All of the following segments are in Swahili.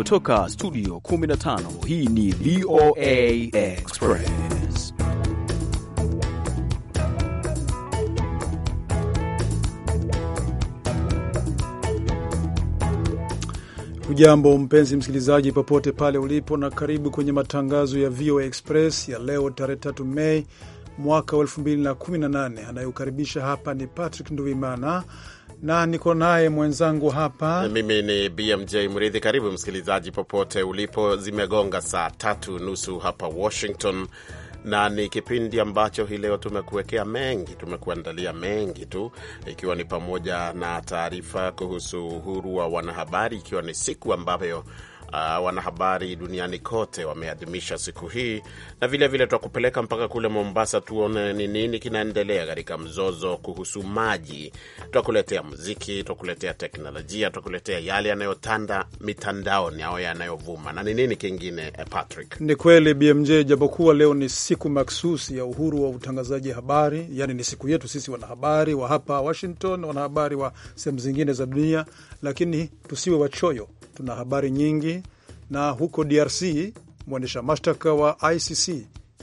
kutoka studio 15 hii ni VOA Express. Ujambo mpenzi msikilizaji, popote pale ulipo, na karibu kwenye matangazo ya VOA Express ya leo tarehe 3 Mei mwaka wa 2018. Anayokaribisha hapa ni Patrick nduimana na niko naye mwenzangu hapa. Mimi ni BMJ Mridhi. Karibu msikilizaji, popote ulipo. Zimegonga saa tatu nusu hapa Washington, na ni kipindi ambacho hii leo tumekuwekea mengi, tumekuandalia mengi tu, ikiwa ni pamoja na taarifa kuhusu uhuru wa wanahabari, ikiwa ni siku ambayo uh, wanahabari duniani kote wameadhimisha siku hii, na vilevile twakupeleka mpaka kule Mombasa tuone ni nini kinaendelea katika mzozo kuhusu maji. twakuletea muziki, twakuletea teknolojia, twakuletea yale yanayotanda mitandaoni au yanayovuma na ni nini kingine. Eh, Patrick, ni kweli BMJ, japokuwa leo ni siku maksusi ya uhuru wa utangazaji habari, yani ni siku yetu sisi wanahabari wa hapa Washington, wanahabari wa sehemu zingine za dunia, lakini tusiwe wachoyo tuna habari nyingi. Na huko DRC mwendesha mashtaka wa ICC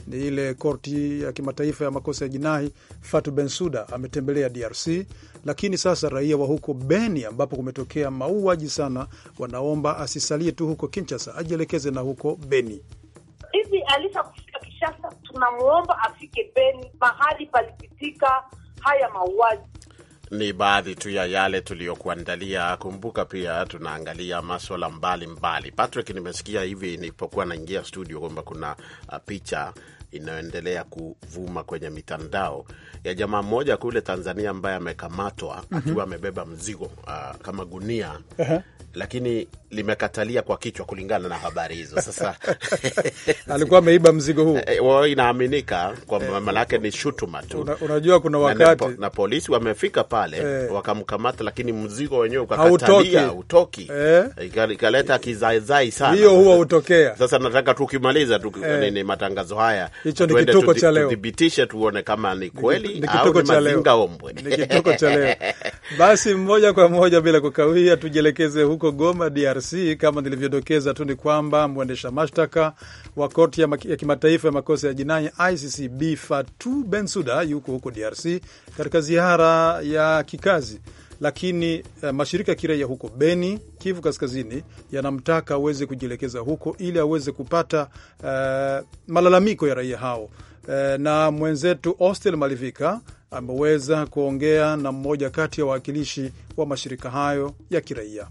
ni ile korti ya kimataifa ya makosa ya jinai, Fatu Bensuda ametembelea DRC, lakini sasa raia wa huko Beni ambapo kumetokea mauaji sana, wanaomba asisalie tu huko Kinshasa, ajielekeze na huko Beni. Hivi alisha kufika Kinshasa, tunamwomba afike Beni, mahali palipitika haya mauaji ni baadhi tu ya yale tuliyokuandalia. Kumbuka pia tunaangalia maswala mbalimbali. Patrick, nimesikia hivi nilipokuwa naingia studio kwamba kuna uh, picha inayoendelea kuvuma kwenye mitandao ya jamaa mmoja kule Tanzania ambaye amekamatwa mm -hmm. akiwa amebeba mzigo uh, kama gunia uh -huh. lakini limekatalia kwa kichwa, kulingana na habari hizo. Sasa alikuwa ameiba mzigo huo, eh, inaaminika kwa eh. manake ni shutuma tu. Una, unajua kuna wakati na, na polisi wamefika pale e, wakamkamata, lakini mzigo wenyewe ukakatalia utoki, ikaleta e, kizaizai sana. Hiyo huwa hutokea. Sasa nataka tukimaliza tu e, nini matangazo haya hicho ni kituko cha leo, thibitishe tuone kama ni kweli au ni mazinga ombwe. Ni kituko cha leo. Basi mmoja kwa moja bila kukawia, tujielekeze huko Goma, DRC. Kama nilivyodokeza tu, ni kwamba mwendesha mashtaka wa koti ya, ya kimataifa ya makosa ya jinai ICC Bi Fatou Bensouda yuko huko DRC katika ziara ya kikazi lakini uh, mashirika ya kiraia huko Beni, Kivu Kaskazini, yanamtaka aweze kujielekeza huko ili aweze kupata uh, malalamiko ya raia hao uh, na mwenzetu Ostel Malivika ameweza kuongea na mmoja kati ya wawakilishi wa mashirika hayo ya kiraia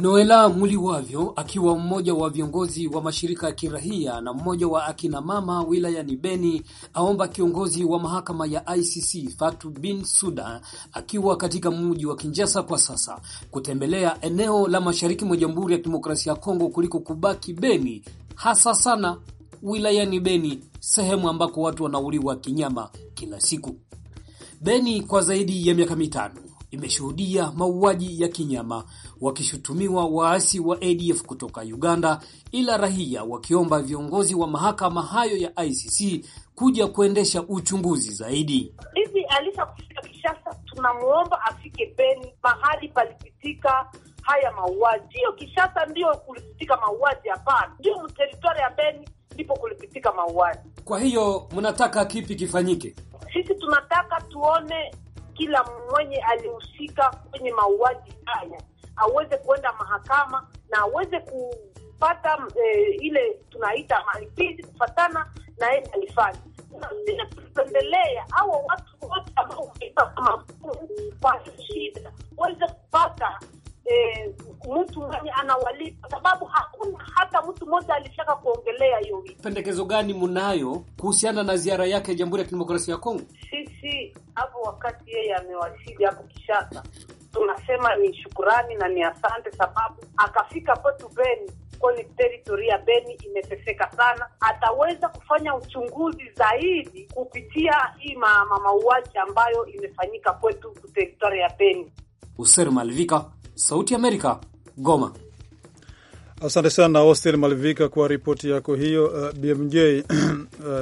noela Muliwavyo akiwa mmoja wa viongozi wa mashirika ya kirahia na mmoja wa akina mama wilayani Beni aomba kiongozi wa mahakama ya ICC fatu Bin Suda akiwa katika mji wa Kinjasa kwa sasa kutembelea eneo la mashariki mwa Jamhuri ya Kidemokrasia ya Kongo kuliko kubaki Beni, hasa sana wilayani Beni, sehemu ambako watu wanauliwa kinyama kila siku. Beni kwa zaidi ya miaka mitano imeshuhudia mauaji ya kinyama, wakishutumiwa waasi wa ADF kutoka Uganda, ila raia wakiomba viongozi wa mahakama hayo ya ICC kuja kuendesha uchunguzi zaidi. Hivi Alisa kufika Kishasa, tunamwomba afike Beni, mahali palipitika haya mauaji. Hiyo Kishasa ndiyo kulipitika mauaji? Hapana, ndio mteritoria ya Beni ndipo kulipitika mauaji. Kwa hiyo mnataka kipi kifanyike? Sisi tunataka tuone kila mwenye alihusika kwenye mauaji haya aweze kuenda mahakama na aweze kupata e, ile tunaita malipizi kufatana na yeye alifanya Ile kupendelea au watu wote ambao kama kwa shida waweze kupata e, mtu mwenye anawalipa, sababu hakuna hata mtu mmoja alishaka kuongelea hiyo. Pendekezo gani mnayo kuhusiana na ziara yake ya Jamhuri ya Kidemokrasia ya Kongo? Sisi hapo wakati yeye amewasili hapo Kishasa, tunasema ni shukurani na ni asante, sababu akafika kwetu Beni kwani teritori ya Beni imeteseka sana. Ataweza kufanya uchunguzi zaidi kupitia hii mama mauaji ambayo imefanyika kwetu teritori ya Beni. User Malvika, Sauti Amerika, Goma. Asante sana Austin Malivika kwa ripoti yako hiyo. Uh, BMJ uh,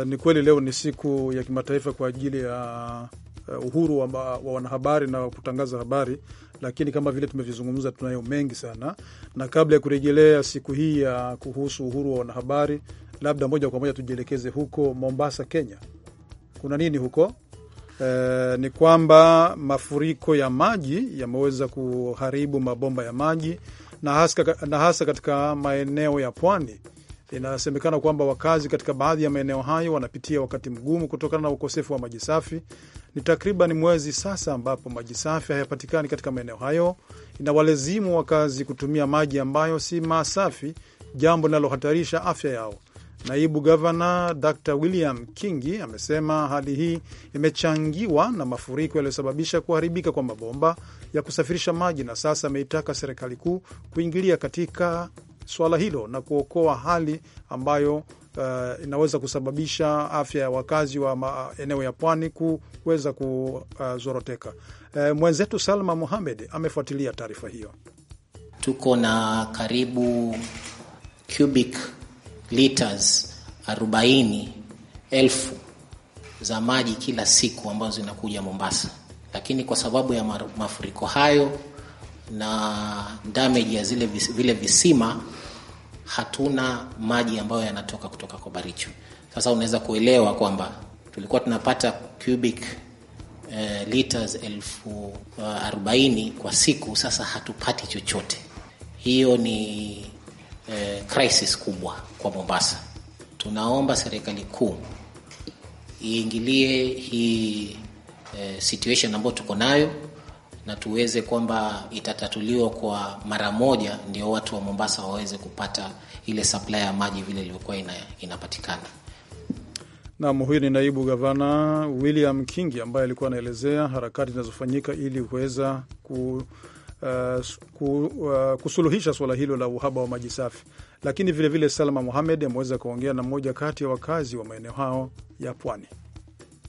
ni kweli leo ni siku ya kimataifa kwa ajili ya uh, uhuru wa, wa wanahabari na kutangaza habari, lakini kama vile tumevizungumza, tunayo mengi sana, na kabla ya kurejelea siku hii ya kuhusu uhuru wa wanahabari, labda moja kwa moja tujielekeze huko Mombasa, Kenya. Kuna nini huko? Eh, ni kwamba mafuriko ya maji yameweza kuharibu mabomba ya maji na hasa, na hasa katika maeneo ya pwani. Inasemekana kwamba wakazi katika baadhi ya maeneo hayo wanapitia wakati mgumu kutokana na ukosefu wa maji safi. Ni takriban mwezi sasa ambapo maji safi hayapatikani katika maeneo hayo, inawalazimu wakazi kutumia maji ambayo si masafi, jambo linalohatarisha afya yao. Naibu gavana Dr William Kingi amesema hali hii imechangiwa na mafuriko yaliyosababisha kuharibika kwa mabomba ya kusafirisha maji, na sasa ameitaka serikali kuu kuingilia katika swala hilo na kuokoa hali ambayo uh, inaweza kusababisha afya ya wakazi wa maeneo ya pwani kuweza kuzoroteka. Uh, mwenzetu Salma muhamed amefuatilia taarifa hiyo. Tuko na karibu cubic liters arobaini elfu za maji kila siku ambazo zinakuja Mombasa, lakini kwa sababu ya mafuriko hayo na damage ya zile vile visima hatuna maji ambayo yanatoka kutoka kwa Baricho. Sasa unaweza kuelewa kwamba tulikuwa tunapata cubic uh, liters elfu eh, arobaini kwa siku, sasa hatupati chochote. Hiyo ni uh, crisis kubwa kwa Mombasa. Tunaomba serikali kuu iingilie hii e, situation ambayo tuko nayo na tuweze kwamba itatatuliwa kwa mara moja, ndio watu wa Mombasa waweze kupata ile supply ya maji vile ilivyokuwa ina, inapatikana. Nam, huyu ni naibu gavana William Kingi ambaye alikuwa anaelezea harakati zinazofanyika ili kuweza ku, uh, ku, uh, kusuluhisha suala hilo la uhaba wa maji safi. Lakini vilevile vile Salma Mohamed ameweza kuongea na mmoja kati ya wakazi wa maeneo hao ya pwani.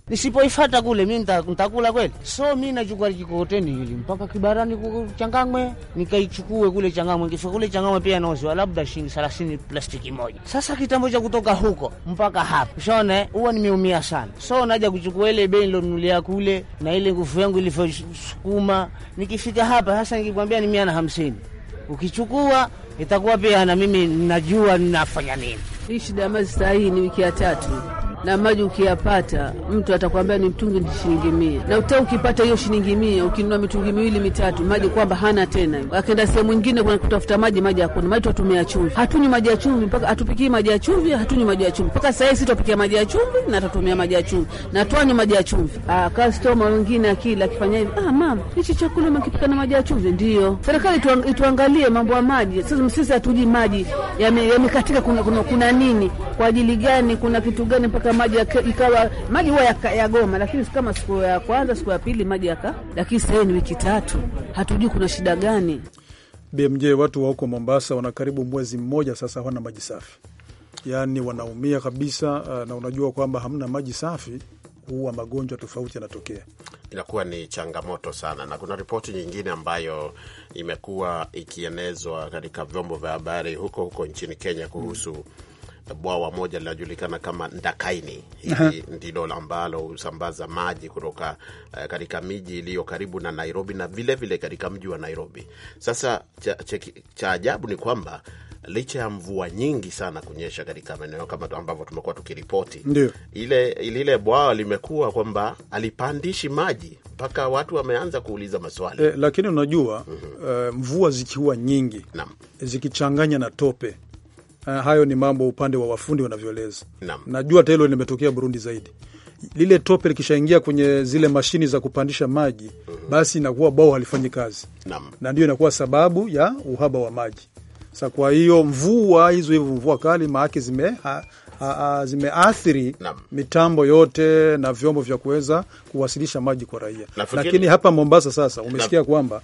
Nisipoifata kule mi ntakula kweli? So mi nachukua kikokoteni hili mpaka kibarani Changamwe, nikaichukue kule Changamwe. Kifika kule Changamwe pia nauziwa labda shilingi thelathini plastiki moja. Sasa kitambo cha kutoka huko mpaka hapa, ushaona huwa nimeumia sana. So naja kuchukua ile bei nilonunulia kule na ile nguvu yangu ilivyosukuma, nikifika hapa sasa nikikwambia ni mia na hamsini ukichukua itakuwa pia na mimi ninajua ninafanya nini. Hii shida ya maji hii ni wiki ya tatu na maji ukiyapata, mtu atakwambia ni mtungi ni shilingi mia, na uta ukipata hiyo shilingi mia, ukinunua mitungi miwili mitatu, maji kwamba hana tena. akenda sehemu ingine kuna kutafuta maji, maji hakuna. Maji tutumia chumvi, hatunywi maji ya chumvi mpaka hatupikii maji ya chumvi, hatunywi maji ya chumvi mpaka sasa hivi tutapikia maji ya chumvi na tutumia maji ya chumvi na tuanywe maji ya chumvi. Ah, wengine akila akifanya hivi, ah mama, hichi chakula mkipika na maji ya chumvi. Ndio serikali ituangalie mambo ya maji. Sasa sisi hatujui maji yamekatika, yame kuna, kuna kuna nini kwa ajili gani, kuna kitu gani mpaka mpaka maji ikawa maji huwa ya ya, lakini kama siku ya kwanza siku ya pili maji yaka, lakini sasa ni wiki tatu, hatujui kuna shida gani. BMJ, watu wa huko Mombasa wana karibu mwezi mmoja sasa hawana maji safi, yaani wanaumia kabisa, eh, na unajua kwamba hamna maji safi huwa magonjwa tofauti yanatokea, inakuwa ni changamoto sana. Na kuna ripoti nyingine ambayo imekuwa ikienezwa katika vyombo vya habari huko huko nchini Kenya kuhusu mm bwawa moja linajulikana kama Ndakaini. Hili ndilo ambalo husambaza maji kutoka uh, katika miji iliyo karibu na Nairobi na vilevile katika mji wa Nairobi. Sasa cha, cha, cha ajabu ni kwamba licha ya mvua nyingi sana kunyesha katika maeneo kama ambavyo tumekuwa tukiripoti, ile lile bwawa limekuwa kwamba alipandishi maji mpaka watu wameanza kuuliza maswali eh, lakini unajua mm -hmm. uh, mvua zikiwa nyingi na zikichanganya na tope Uh, hayo ni mambo upande wa wafundi wanavyoeleza. Najua hata hilo limetokea Burundi zaidi lile tope likishaingia kwenye zile mashini za kupandisha maji mm -hmm. Basi inakuwa bwao halifanyi kazi Nam. na ndio inakuwa sababu ya uhaba wa maji. Sa kwa hiyo mvua hizo hivyo mvua kali maake zime zimeathiri mitambo yote na vyombo vya kuweza kuwasilisha maji kwa raia, lakini hapa Mombasa sasa umesikia kwamba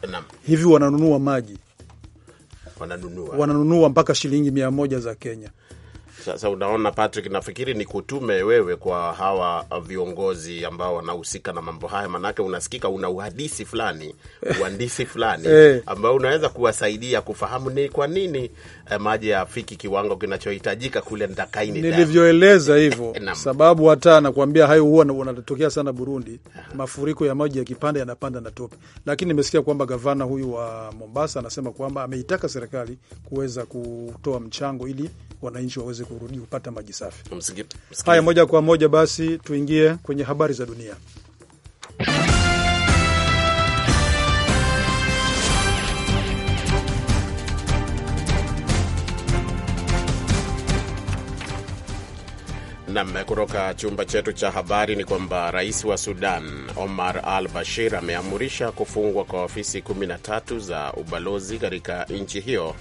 hivi wananunua maji wananunua, wananunua mpaka shilingi mia moja za Kenya. Sasa unaona Patrick, nafikiri ni kutume wewe kwa hawa viongozi ambao wanahusika na mambo haya, manake unasikika una uhadisi fulani, uhandisi fulani eh. ambao unaweza kuwasaidia kufahamu ni kwa nini eh, maji yafiki kiwango kinachohitajika kule Ndakaini. Nilivyoeleza hivyo sababu, hata nakuambia hayo huwa unatokea sana Burundi, mafuriko ya maji yakipanda yanapanda na tope, lakini nimesikia kwamba gavana huyu wa Mombasa anasema kwamba ameitaka serikali kuweza kutoa mchango ili wananchi waweze ku kurudi kupata maji safi. Haya, moja kwa moja basi tuingie kwenye habari za dunia. Nam, kutoka chumba chetu cha habari ni kwamba rais wa Sudan Omar al Bashir ameamurisha kufungwa kwa ofisi 13 za ubalozi katika nchi hiyo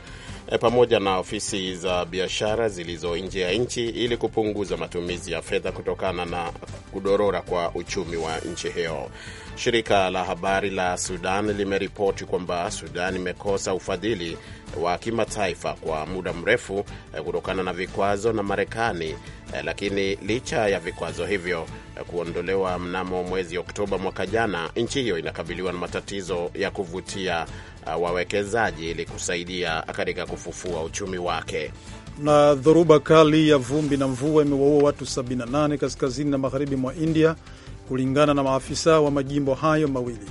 Eh, pamoja na ofisi za biashara zilizo nje ya nchi ili kupunguza matumizi ya fedha kutokana na kudorora kwa uchumi wa nchi hiyo. Shirika la habari la Sudan limeripoti kwamba Sudan imekosa ufadhili wa kimataifa kwa muda mrefu eh, kutokana na vikwazo na Marekani Eh, lakini licha ya vikwazo hivyo eh, kuondolewa mnamo mwezi Oktoba mwaka jana, nchi hiyo inakabiliwa na matatizo ya kuvutia eh, wawekezaji ili kusaidia katika kufufua uchumi wake. Na dhoruba kali ya vumbi na mvua imewaua watu 78 kaskazini na magharibi mwa India kulingana na maafisa wa majimbo hayo mawili.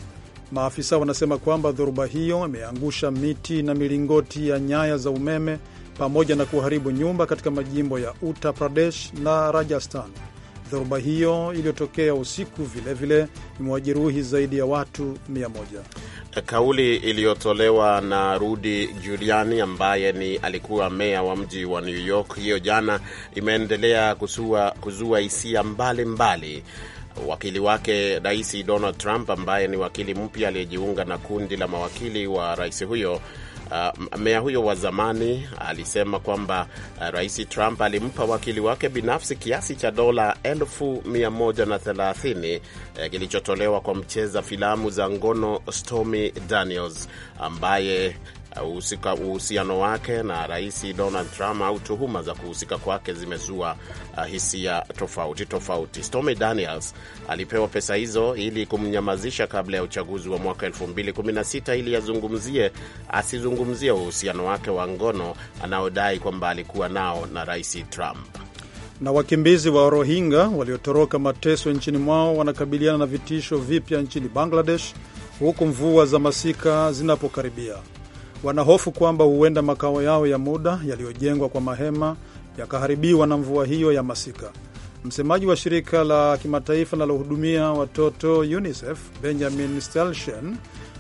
Maafisa wanasema kwamba dhoruba hiyo imeangusha miti na milingoti ya nyaya za umeme pamoja na kuharibu nyumba katika majimbo ya Uttar Pradesh na Rajasthan. Dhoruba hiyo iliyotokea usiku vilevile imewajeruhi zaidi ya watu 1 Kauli iliyotolewa na Rudy Giuliani ambaye ni alikuwa meya wa mji wa New York hiyo jana imeendelea kuzua hisia mbalimbali. Wakili wake Rais Donald Trump ambaye ni wakili mpya aliyejiunga na kundi la mawakili wa rais huyo Uh, meya huyo wa zamani alisema kwamba uh, rais Trump alimpa wakili wake binafsi kiasi cha dola elfu mia moja na thelathini uh, kilichotolewa kwa mcheza filamu za ngono Stormy Daniels ambaye Uh, uhusiano wake na Rais Donald Trump au tuhuma za kuhusika kwake zimezua uh, hisia tofauti tofauti. Stormy Daniels alipewa pesa hizo ili kumnyamazisha kabla ya uchaguzi wa mwaka 2016 ili azungumzie asizungumzie uhusiano wake wa ngono anaodai kwamba alikuwa nao na Rais Trump. Na wakimbizi wa Rohingya waliotoroka mateso nchini mwao wanakabiliana na vitisho vipya nchini Bangladesh huku mvua za masika zinapokaribia wanahofu kwamba huenda makao yao ya muda yaliyojengwa kwa mahema yakaharibiwa na mvua hiyo ya masika. Msemaji wa shirika la kimataifa linalohudumia watoto UNICEF Benjamin Stelshen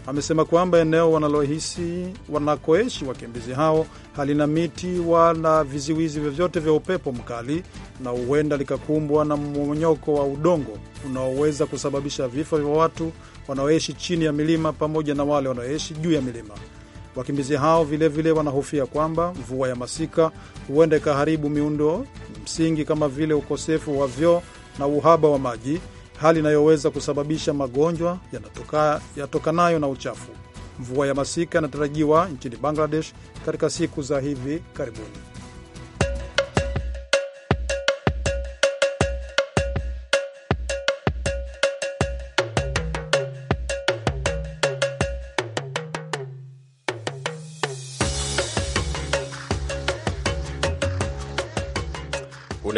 amesema kwamba eneo wanalohisi wanakoishi wakimbizi hao halina miti wala viziwizi vyovyote vya upepo mkali na huenda likakumbwa na mmonyoko wa udongo unaoweza kusababisha vifo vya watu wanaoishi chini ya milima pamoja na wale wanaoishi juu ya milima. Wakimbizi hao vilevile wanahofia kwamba mvua ya masika huenda ikaharibu miundo msingi kama vile ukosefu wa vyoo na uhaba wa maji, hali inayoweza kusababisha magonjwa yatokanayo na uchafu. Mvua ya masika inatarajiwa nchini Bangladesh katika siku za hivi karibuni.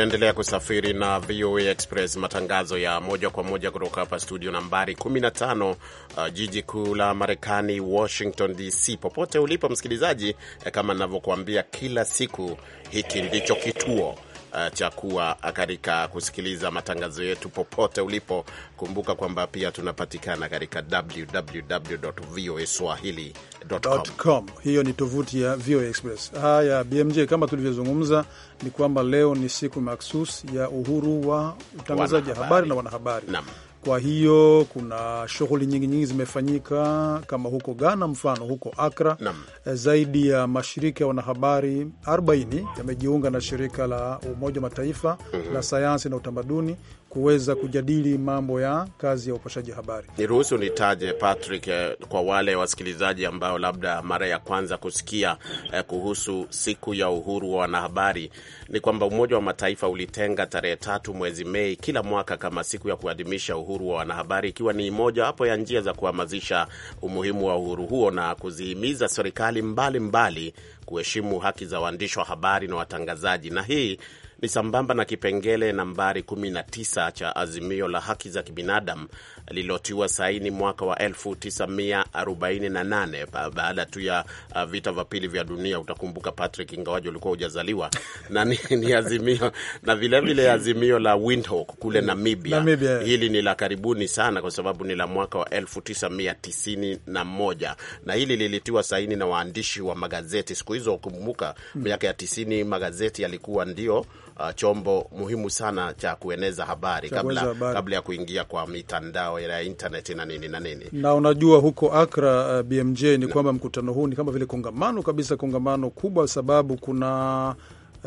Unaendelea kusafiri na VOA Express, matangazo ya moja kwa moja kutoka hapa studio nambari 15, uh, jiji kuu la Marekani, Washington DC. Popote ulipo msikilizaji, eh, kama ninavyokuambia kila siku, hiki ndicho kituo Eh, cha kuwa eh, katika kusikiliza matangazo yetu popote ulipo. Kumbuka kwamba pia tunapatikana katika www.voaswahili.com. Hiyo ni tovuti ya VOA Express. Haya, BMJ, kama tulivyozungumza ni kwamba leo ni siku maksus ya uhuru wa utangazaji habari na wanahabari Nam. Kwa hiyo kuna shughuli nyingi nyingi zimefanyika kama huko Ghana, mfano huko Akra Nam. Eh, zaidi ya mashirika ya wanahabari 40 yamejiunga na shirika la Umoja wa Mataifa mm -hmm. la sayansi na utamaduni kuweza kujadili mambo ya kazi ya upashaji habari. Niruhusu nitaje Patrick, eh, kwa wale wasikilizaji ambao labda mara ya kwanza kusikia eh, kuhusu siku ya uhuru wa wanahabari ni kwamba Umoja wa Mataifa ulitenga tarehe tatu mwezi Mei kila mwaka kama siku ya kuadhimisha uhuru wa wanahabari, ikiwa ni moja wapo ya njia za kuhamasisha umuhimu wa uhuru huo na kuzihimiza serikali mbalimbali kuheshimu haki za waandishi wa habari na watangazaji, na hii ni sambamba na kipengele nambari 19 cha azimio la haki za kibinadamu lililotiwa saini mwaka wa 1948 baada tu ya uh, vita vya pili vya dunia. Utakumbuka Patrick, ingawaji ulikuwa hujazaliwa na ni, ni azimio na vilevile vile azimio la Windhoek kule mm, Namibia. Namibia hili ni la karibuni sana kwa sababu ni la mwaka wa 1991 na hili lilitiwa saini na waandishi wa magazeti siku hizo. Ukumbuka mm. miaka ya 90 magazeti yalikuwa ndio uh, chombo muhimu sana cha kueneza habari kabla, habari kabla ya kuingia kwa mitandao ya intaneti na nini na nini. Na unajua huko Akra uh, BMJ ni kwamba mkutano huu ni kama vile kongamano kabisa, kongamano kubwa, sababu kuna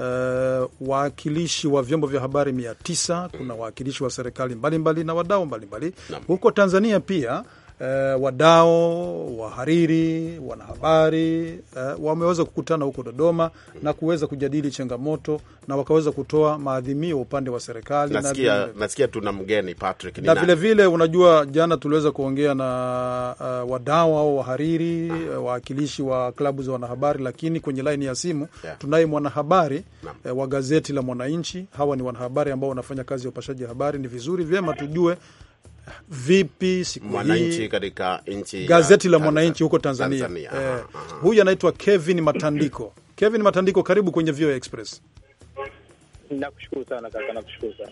Uh, waakilishi wa vyombo vya habari mia tisa kuna mm. waakilishi wa serikali mbalimbali na wadau mbalimbali huko Tanzania pia eh, wadao, wahariri, wanahabari eh, wameweza kukutana huko Dodoma na kuweza kujadili changamoto na wakaweza kutoa maadhimio upande wa serikali. Nasikia, nasikia tuna mgeni Patrick, na vile, unajua, jana tuliweza kuongea na uh, eh, wadao au wahariri ah, eh, wawakilishi wa klabu za wanahabari, lakini kwenye laini ya simu yeah, tunaye mwanahabari eh, wa gazeti la Mwananchi. Hawa ni wanahabari ambao wanafanya kazi ya upashaji habari. Ni vizuri vyema tujue Vipi siku hii katika nchi gazeti la Mwananchi huko Tanzania, Tanzania. Eh, aha, aha. Huyu anaitwa Kevin Matandiko Kevin Matandiko, karibu kwenye VOA Express. Nakushukuru sana kaka, nakushukuru sana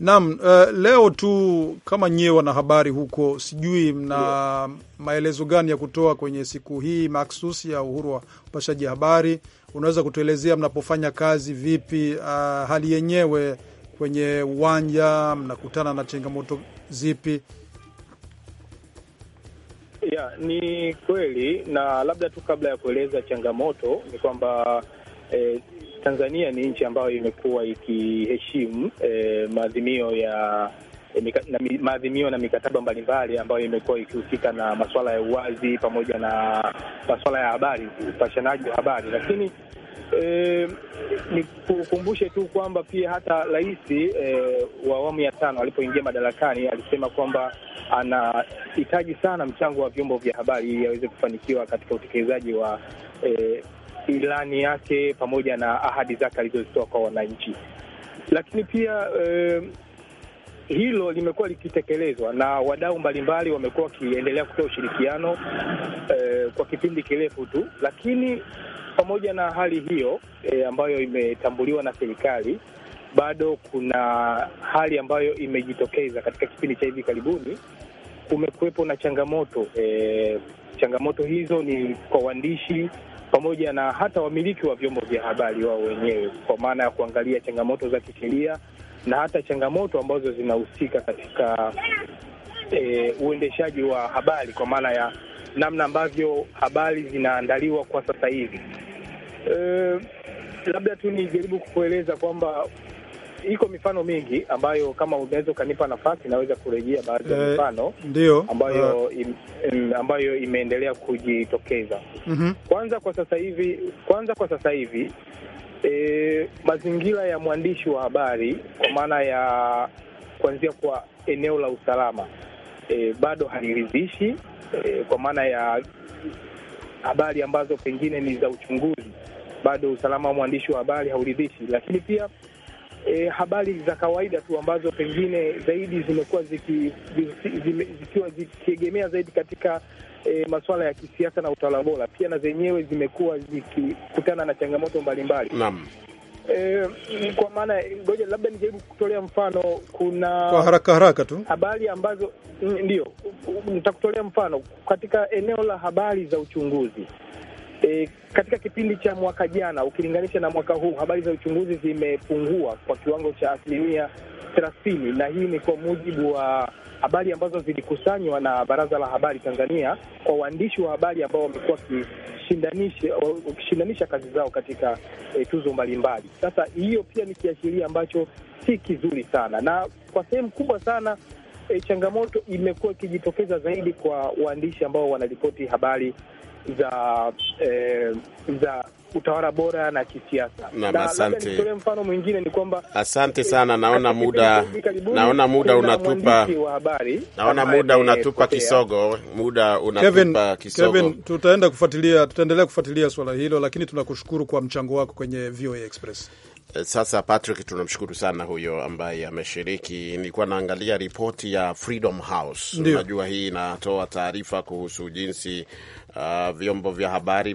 naam. Uh, leo tu kama nyewe wanahabari huko, sijui mna yeah, maelezo gani ya kutoa kwenye siku hii maksusi ya uhuru wa upashaji habari? Unaweza kutuelezea mnapofanya kazi vipi, uh, hali yenyewe kwenye uwanja mnakutana na changamoto zipi? Ya, ni kweli na labda tu kabla ya kueleza changamoto ni kwamba eh, Tanzania ni nchi ambayo imekuwa ikiheshimu eh, maadhimio ya e, na maadhimio na mikataba mbalimbali ambayo imekuwa ikihusika na masuala ya uwazi pamoja na masuala ya habari, upashanaji wa habari, lakini E, eh, ni kukumbushe tu kwamba pia hata rais e, wa awamu ya tano alipoingia madarakani alisema kwamba anahitaji sana mchango wa vyombo vya habari ili aweze kufanikiwa katika utekelezaji wa e, ilani yake pamoja na ahadi zake alizozitoa kwa wananchi, lakini pia e, hilo limekuwa likitekelezwa na wadau mbalimbali wamekuwa wakiendelea kutoa ushirikiano e, kwa kipindi kirefu tu, lakini pamoja na hali hiyo e, ambayo imetambuliwa na serikali, bado kuna hali ambayo imejitokeza katika kipindi cha hivi karibuni. Kumekuwepo na changamoto e, changamoto hizo ni kwa waandishi pamoja na hata wamiliki wa vyombo vya habari wao wenyewe, kwa maana ya kuangalia changamoto za kisheria na hata changamoto ambazo zinahusika katika e, uendeshaji wa habari, kwa maana ya namna ambavyo habari zinaandaliwa kwa sasa hivi. E, labda tu nijaribu kukueleza kwamba iko mifano mingi ambayo kama unaweza ukanipa nafasi naweza kurejea baadhi ya eh, mifano ndio ambayo uh, im, ambayo imeendelea kujitokeza. mm -hmm. Kwanza kwa sasa hivi, kwanza kwa sasa hivi e, mazingira ya mwandishi wa habari kwa maana ya kuanzia kwa eneo la usalama e, bado haliridhishi e, kwa maana ya habari ambazo pengine ni za uchunguzi bado usalama wa mwandishi wa habari hauridhishi, lakini pia E, habari za kawaida tu ambazo pengine zaidi zimekuwa ziki, zikiwa zikiegemea zaidi katika e, masuala ya kisiasa na utawala bora, pia na zenyewe zimekuwa zikikutana na changamoto mbalimbali. mbali. E, kwa maana ngoja labda nijaribu kutolea mfano, kuna kwa haraka haraka tu habari ambazo ndio nitakutolea mfano katika eneo la habari za uchunguzi E, katika kipindi cha mwaka jana ukilinganisha na mwaka huu habari za uchunguzi zimepungua kwa kiwango cha asilimia thelathini, na hii ni kwa mujibu wa habari ambazo zilikusanywa na Baraza la Habari Tanzania kwa waandishi wa habari ambao wamekuwa wakishindanisha kazi zao katika e, tuzo mbalimbali. Sasa hiyo pia ni kiashiria ambacho si kizuri sana, na kwa sehemu kubwa sana e, changamoto imekuwa ikijitokeza zaidi kwa waandishi ambao wanaripoti habari za eh, za utawala bora na kisiasa. Na asante. Nitolee mfano mwingine ni kwamba asante sana, eh, naona muda naona muda unatupa naona muda unatupa kisogo, muda unatupa kisogo. Kevin, tutaenda kufuatilia, tutaendelea kufuatilia swala hilo, lakini tunakushukuru kwa mchango wako kwenye VOA Express. Eh, sasa Patrick, tunamshukuru sana huyo ambaye ameshiriki. Nilikuwa naangalia ripoti ya Freedom House. Unajua hii inatoa taarifa kuhusu jinsi uh, vyombo vya habari ah,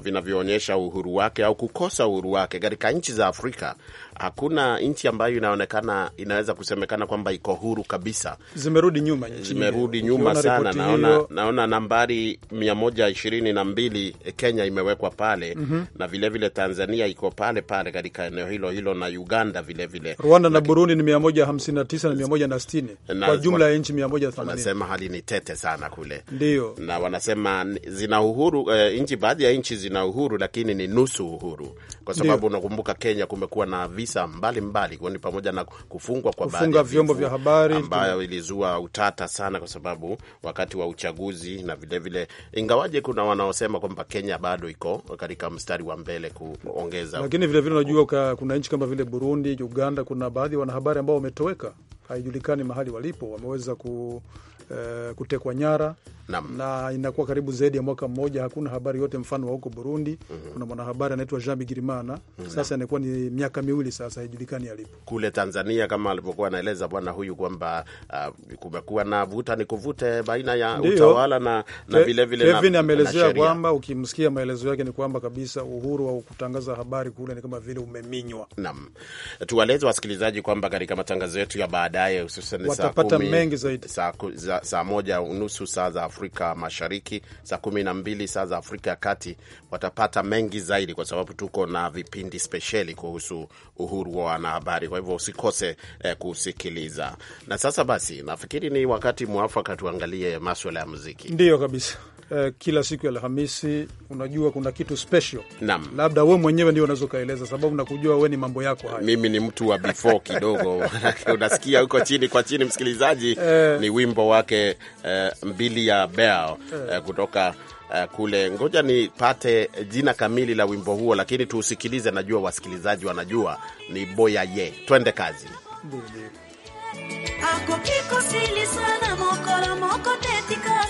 vinavyoonyesha uh, vinavyo uhuru wake au kukosa uhuru wake katika nchi za Afrika hakuna nchi ambayo inaonekana inaweza kusemekana kwamba iko huru kabisa. Zimerudi nyuma, zimerudi nyuma sana. Naona, naona nambari mia moja ishirini na mbili eh, Kenya imewekwa pale mm -hmm. na vilevile vile Tanzania iko pale pale katika eneo hilo hilo na Uganda vilevile vile. Rwanda na Laki... Burundi ni mia moja hamsini na tisa na mia moja na sitini kwa jumla ya nchi mia moja themanini. Wanasema hali ni tete sana kule, ndio na wanasema zina uhuru eh, nchi baadhi ya nchi zina uhuru lakini ni nusu uhuru kwa sababu unakumbuka Kenya kumekuwa na visa mbalimbali, kwani pamoja na kufungwa kwa kufunga vyombo vya habari ambayo ilizua utata sana, kwa sababu wakati wa uchaguzi na vilevile vile, ingawaje kuna wanaosema kwamba Kenya bado iko katika mstari wa mbele kuongeza, lakini vilevile unajua kuna nchi kama vile Burundi, Uganda, kuna baadhi ya wanahabari ambao wametoweka, haijulikani mahali walipo, wameweza ku, eh, kutekwa nyara na inakuwa karibu zaidi ya mwaka mmoja, hakuna habari yote. Mfano wa huko Burundi mm -hmm. kuna mwanahabari anaitwa Jean Bigirimana mm -hmm. Sasa anakuwa ni miaka miwili sasa, haijulikani alipo. Kule Tanzania kama alivyokuwa anaeleza bwana huyu kwamba uh, kumekuwa na vuta ni kuvute baina ya Ndiyo. utawala na vilevile Kevin ameelezea kwamba ukimsikia maelezo yake ni kwamba kabisa uhuru wa kutangaza habari kule ni kama vile umeminywa. Nam, tuwaeleze wasikilizaji kwamba katika matangazo yetu ya baadaye hususan saa kumi, mengi zaidi saa, saa moja unusu saa za Afrika Afrika Mashariki, saa kumi na mbili saa za Afrika ya Kati, watapata mengi zaidi, kwa sababu tuko na vipindi spesheli kuhusu uhuru wa wanahabari. Kwa hivyo usikose eh, kusikiliza. Na sasa basi, nafikiri ni wakati mwafaka tuangalie maswala ya muziki. Ndiyo kabisa eh, kila siku ya Alhamisi, unajua kuna kitu special. Naam. Labda we mwenyewe ndio unaweza ukaeleza, sababu nakujua we ni mambo yako haya. Mimi ni mtu wa before kidogo unasikia huko chini kwa chini, msikilizaji eh, ni wimbo wake eh, mbili ya bell eh, eh kutoka eh, kule ngoja nipate jina kamili la wimbo huo, lakini tuusikilize. Najua wasikilizaji wanajua ni boya ye. Twende kazi. Ako kiko sili sana mokolo moko tetika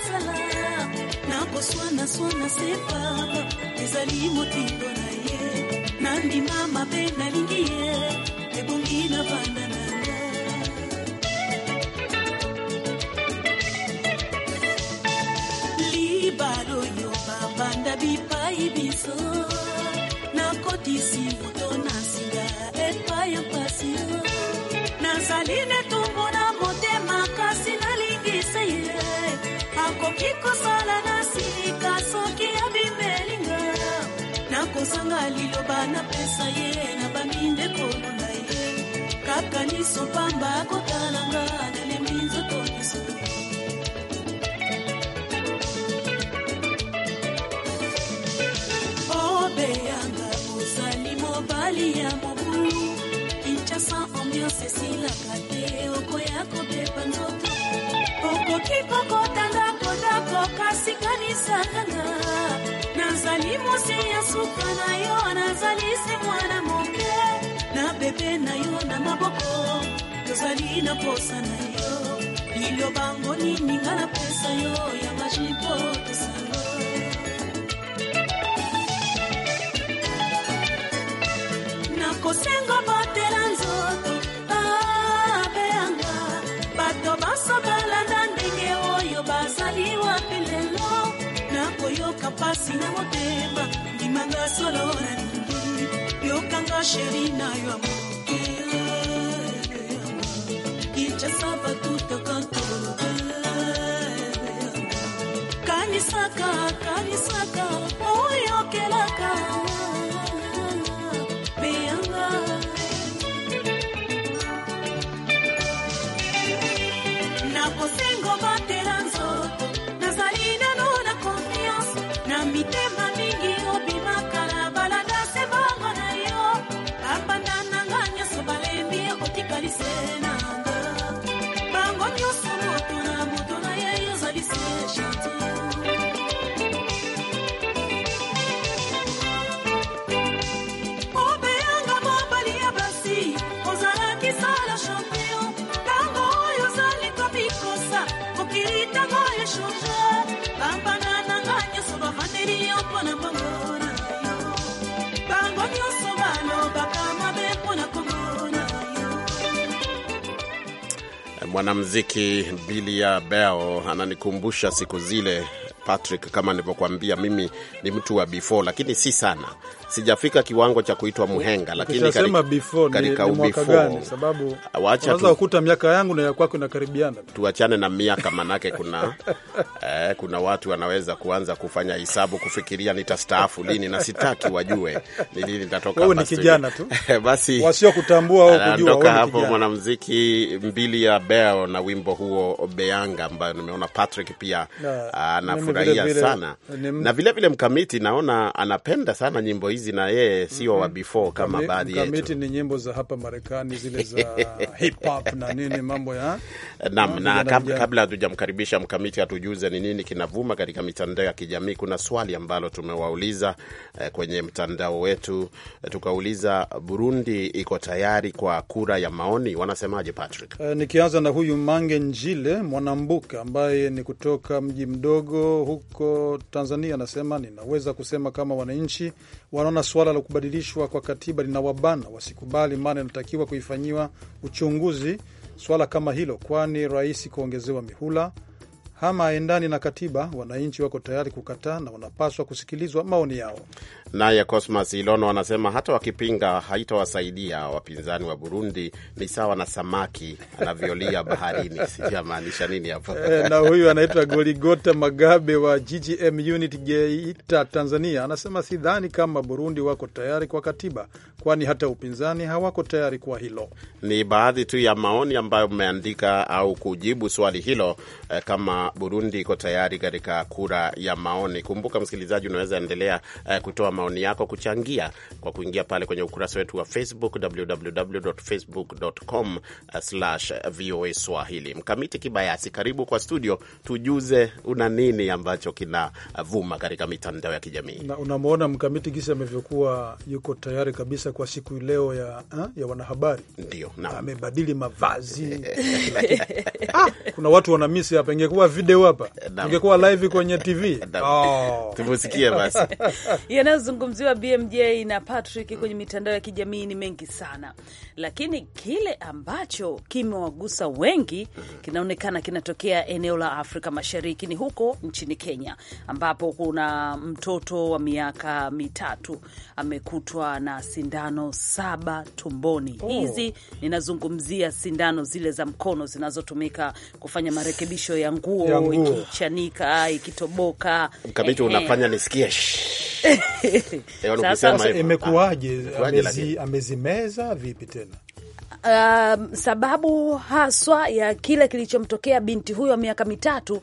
Swana swana se papa ezali motindo na ye nandima mabe nalingi ye ebongi na banda na nga libala oyo babanda bipai biso nakotisi moto na singa epai ya mpasi nazali netumbu na motema kasi nalingisa ye akoki kosa na pesa ye na baminde kolo na ye kaka niso pamba akotalanga nelemi nzoto biso obeyanga ozali mobali ya mobulu kinshasa ambiance esilaka te okoya nzoto okoki kokotanga kodako kasi kalimusi yasuka na yo nazalisi mwana moke na bebe na yo na maboko tozali na posa na yo lilobango nini nga na pesa yo ya majipo tosa pasina motema ndimanga solora ningi yokanga sheri nayo amokela icha sabatuta kantolo kanisaka kanisaka Mwanamziki Bilia Bel ananikumbusha siku zile Patrick, kama nilivyokuambia, mimi ni mtu wa before, lakini si sana sijafika kiwango cha kuitwa mhenga, lakini before ni, mwaka gani? Sababu wacha tu ukuta miaka yangu na ya kwako inakaribiana, tuachane na miaka manake kuna eh, kuna watu wanaweza kuanza kufanya hisabu kufikiria nitastaafu lini, na sitaki wajue ni lini nitatoka. Wewe ni kijana tu basi, wasio kutambua au eh, kujua. Ndoka hapo mwanamuziki mbili ya Bell na wimbo huo Beanga, ambayo nimeona Patrick pia ah, anafurahia sana, na vile vile mkamiti naona anapenda sana nyimbo hizi hizi na yeye sio mm -hmm. wa mhm. before kama baadhi yetu. Mkamiti ni nyimbo za hapa Marekani zile za hip hop na nini mambo ya na, Na kabla hatujamkaribisha Mkamiti atujuze ni nini kinavuma katika mitandao ya kijamii, kuna swali ambalo tumewauliza eh, kwenye mtandao wetu eh, tukauliza Burundi iko tayari kwa kura ya maoni, wanasemaje Patrick? Eh, nikianza na huyu Mange Njile Mwanambuka ambaye ni kutoka mji mdogo huko Tanzania, anasema ninaweza kusema kama wananchi wana wanaona suala la kubadilishwa kwa katiba linawabana, wasikubali, maana inatakiwa kuifanyiwa uchunguzi swala kama hilo, kwani rais kuongezewa mihula hama aendani na katiba. Wananchi wako tayari kukataa na wanapaswa kusikilizwa maoni yao. Naye Cosmas Ilono anasema hata wakipinga haitawasaidia wapinzani wa Burundi, ni sawa na samaki anavyolia baharini. amaanisha nini hapo. E, na huyu anaitwa Goligota Magabe wa GGM unit Geita, Tanzania, anasema sidhani kama Burundi wako tayari kwa katiba, kwani hata upinzani hawako tayari kwa hilo. Ni baadhi tu ya maoni ambayo mmeandika au kujibu swali hilo, eh, kama Burundi iko tayari katika kura ya maoni. Kumbuka msikilizaji, unaweza endelea eh, kutoa maoni yako kuchangia kwa kuingia pale kwenye ukurasa wetu wa Facebook www.facebook.com uh, uh, VOA Swahili. Mkamiti Kibayasi, karibu kwa studio, tujuze una nini ambacho kinavuma uh, katika mitandao ya kijamii. Na unamwona Mkamiti gisi amevyokuwa yuko tayari kabisa kwa siku leo ya, ha, eh, ya wanahabari, ndio amebadili mavazi ah, kuna watu wanamisi hapa, ingekuwa video hapa, ingekuwa live kwenye TV oh. Tumusikie basi yanayozungumziwa BMJ na Patrick kwenye mitandao ya kijamii ni mengi sana, lakini kile ambacho kimewagusa wengi kinaonekana kinatokea eneo la Afrika Mashariki, ni huko nchini Kenya, ambapo kuna mtoto wa miaka mitatu amekutwa na sindano saba tumboni. Oh. Hizi ninazungumzia sindano zile za mkono zinazotumika kufanya marekebisho ya nguo, ikichanika, ikitoboka. Eh, eh. unafanya nisikie Eh, Sasa imekuwaje? Ah, amezimeza vipi tena? Uh, sababu haswa ya kile kilichomtokea binti huyo miaka mitatu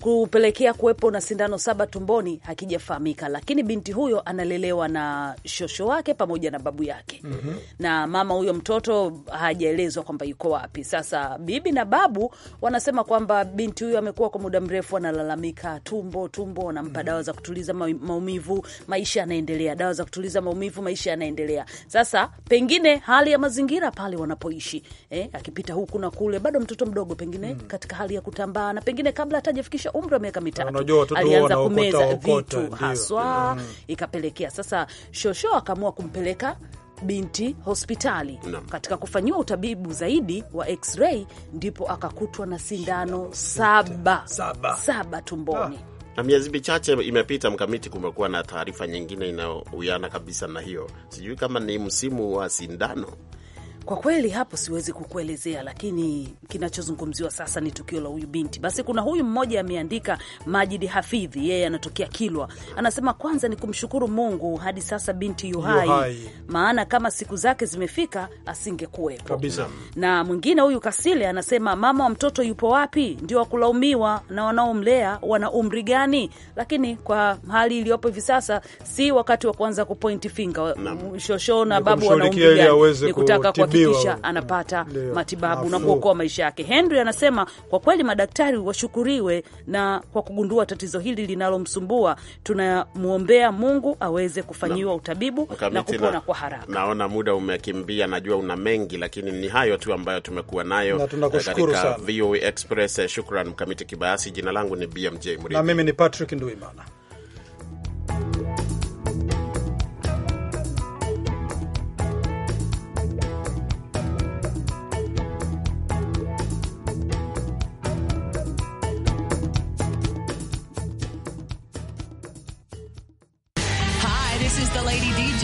kupelekea kuwepo na sindano saba tumboni hakijafahamika, lakini binti huyo analelewa na shosho wake pamoja na babu yake mm -hmm. na mama huyo mtoto hajaelezwa kwamba yuko wapi. Sasa bibi na babu wanasema kwamba binti huyo amekuwa kwa muda mrefu analalamika tumbo, tumbo, anampa mm -hmm. dawa za kutuliza maumivu, maisha yanaendelea, dawa za kutuliza maumivu, maisha yanaendelea. Sasa pengine hali ya mazingira pale wanapoishi eh, akipita huku na kule, bado mtoto mdogo, pengine mm -hmm. katika hali ya kutambaa na pengine kabla hatajafikisha kufikisha umri wa miaka mitatu alianza kumeza vitu haswa mm. Ikapelekea sasa shosho akaamua kumpeleka binti hospitali no. Katika kufanyiwa utabibu zaidi wa x-ray ndipo akakutwa na sindano saba, saba. saba tumboni ah. Na miezi michache imepita mkamiti, kumekuwa na taarifa nyingine inayohusiana kabisa na hiyo. Sijui kama ni msimu wa sindano kwa kweli hapo siwezi kukuelezea, lakini kinachozungumziwa sasa ni tukio la huyu binti. Basi kuna huyu mmoja ameandika, Majidi Hafidhi, yeye anatokea Kilwa, anasema kwanza ni kumshukuru Mungu, hadi sasa binti yuhai, yuhai. Maana kama siku zake zimefika asingekuwepo kabisa. Na mwingine huyu Kasile anasema mama wa mtoto yupo wapi? Ndio wakulaumiwa, na wanaomlea wana umri gani? Lakini kwa hali iliyopo hivi sasa si wakati wa kuanza kupoint kupointi finga na babu wana umri gani, ni kutaka kwa kisha anapata Leo. matibabu na kuokoa maisha yake. Henry anasema kwa kweli madaktari washukuriwe na kwa kugundua tatizo hili linalomsumbua. Tunamwombea Mungu aweze kufanyiwa utabibu na kupona na, kwa haraka. Naona muda umekimbia, najua una mengi, lakini ni hayo tu ambayo tumekuwa nayo na eh, katika VOA e Express. Eh, shukran Mkamiti Kibayasi, jina langu ni BMJ Mridhi na mimi ni Patrick Nduimana.